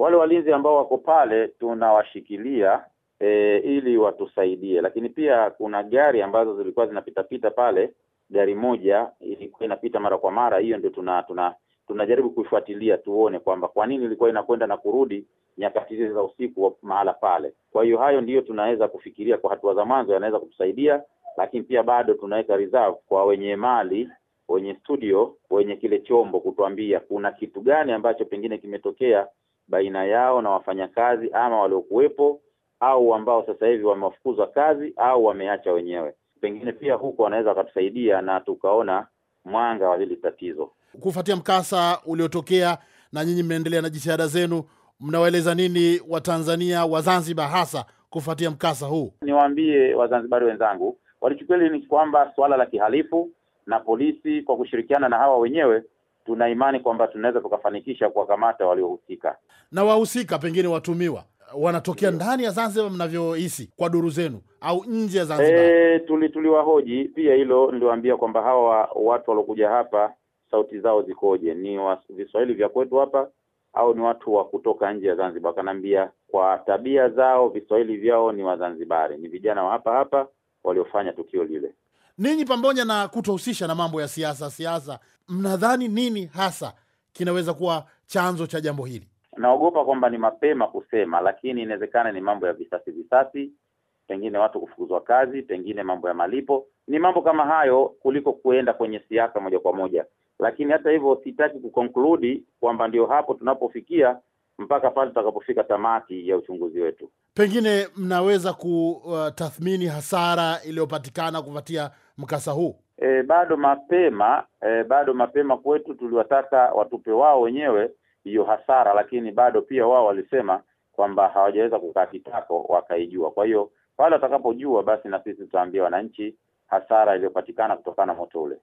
wale walinzi ambao wako pale tunawashikilia e, ili watusaidie, lakini pia kuna gari ambazo zilikuwa zinapitapita pale. Gari moja ilikuwa inapita mara kwa mara, hiyo ndio tuna, tuna tunajaribu kuifuatilia tuone kwamba kwa nini ilikuwa inakwenda na kurudi nyakati zile za usiku mahala pale. Kwa hiyo hayo ndiyo tunaweza kufikiria kwa hatua za mwanzo, yanaweza kutusaidia, lakini pia bado tunaweka reserve kwa wenye mali, wenye studio, wenye kile chombo, kutuambia kuna kitu gani ambacho pengine kimetokea baina yao na wafanyakazi ama waliokuwepo au ambao sasa hivi wamefukuzwa kazi au wameacha wenyewe. Pengine pia huko wanaweza wakatusaidia na tukaona mwanga wa hili tatizo. Kufuatia mkasa uliotokea na nyinyi mnaendelea na jitihada zenu, mnawaeleza nini Watanzania wa Zanzibar hasa kufuatia mkasa huu? Niwaambie Wazanzibari wenzangu walichukulia ni kwamba suala la kihalifu na polisi kwa kushirikiana na hawa wenyewe tuna imani kwamba tunaweza tukafanikisha kuwakamata waliohusika. Na wahusika pengine watumiwa wanatokea ndani ya Zanzibar mnavyohisi kwa duru zenu au nje ya Zanzibar? E, tuli tuliwahoji pia hilo, niliwaambia kwamba hawa watu waliokuja hapa sauti zao zikoje, ni Viswahili vya kwetu hapa au ni watu wa kutoka nje ya Zanzibar? wakanaambia kwa tabia zao Viswahili vyao ni Wazanzibari, ni vijana wa hapa hapa waliofanya tukio lile. Ninyi pamoja na kutohusisha na mambo ya siasa siasa, mnadhani nini hasa kinaweza kuwa chanzo cha jambo hili? Naogopa kwamba ni mapema kusema, lakini inawezekana ni mambo ya visasi visasi, pengine watu kufukuzwa kazi, pengine mambo ya malipo, ni mambo kama hayo, kuliko kuenda kwenye siasa moja kwa moja. Lakini hata hivyo, sitaki kukonkludi kwamba ndio hapo tunapofikia mpaka pale tutakapofika tamati ya uchunguzi wetu. Pengine mnaweza kutathmini hasara iliyopatikana kufuatia mkasa huu? E, bado mapema e, bado mapema kwetu. Tuliwataka watupe wao wenyewe hiyo hasara, lakini bado pia wao walisema kwamba hawajaweza kukaa kitako wakaijua. Kwa hiyo pale watakapojua, basi na sisi tutaambia wananchi hasara iliyopatikana kutokana na moto ule.